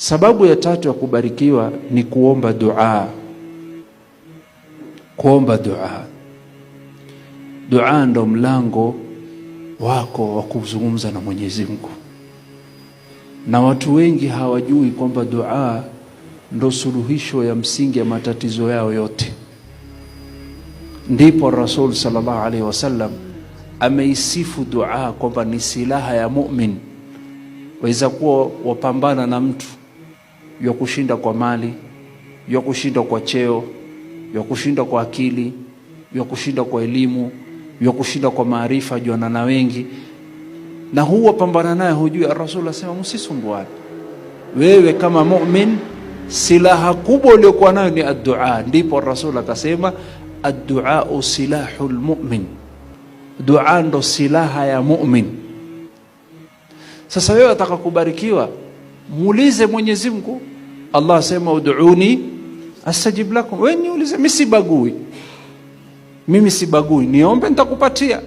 Sababu ya tatu ya kubarikiwa ni kuomba dua, kuomba dua. Dua ndo mlango wako wa kuzungumza na Mwenyezi Mungu, na watu wengi hawajui kwamba dua ndo suluhisho ya msingi ya matatizo yao yote. Ndipo Rasul sallallahu alaihi wasallam ameisifu dua kwamba ni silaha ya mumin, waweza kuwa wapambana na mtu ya kushinda kwa mali, ya kushinda kwa cheo, ya kushinda kwa akili, ya kushinda kwa elimu, ya kushinda kwa maarifa, juana na wengi na huu pambana naye, hujui. Rasul asema msisumbuane. Wewe kama mumin, silaha kubwa uliokuwa nayo ni addua. Ndipo Rasul akasema adduau silahul mumin, dua ndo silaha ya mumin. Sasa wewe ataka kubarikiwa muulize Mwenyezi Mungu. Allah asema ud'uni astajib lakum, wewe niulize, mimi sibagui, mimi sibagui, niombe nitakupatia.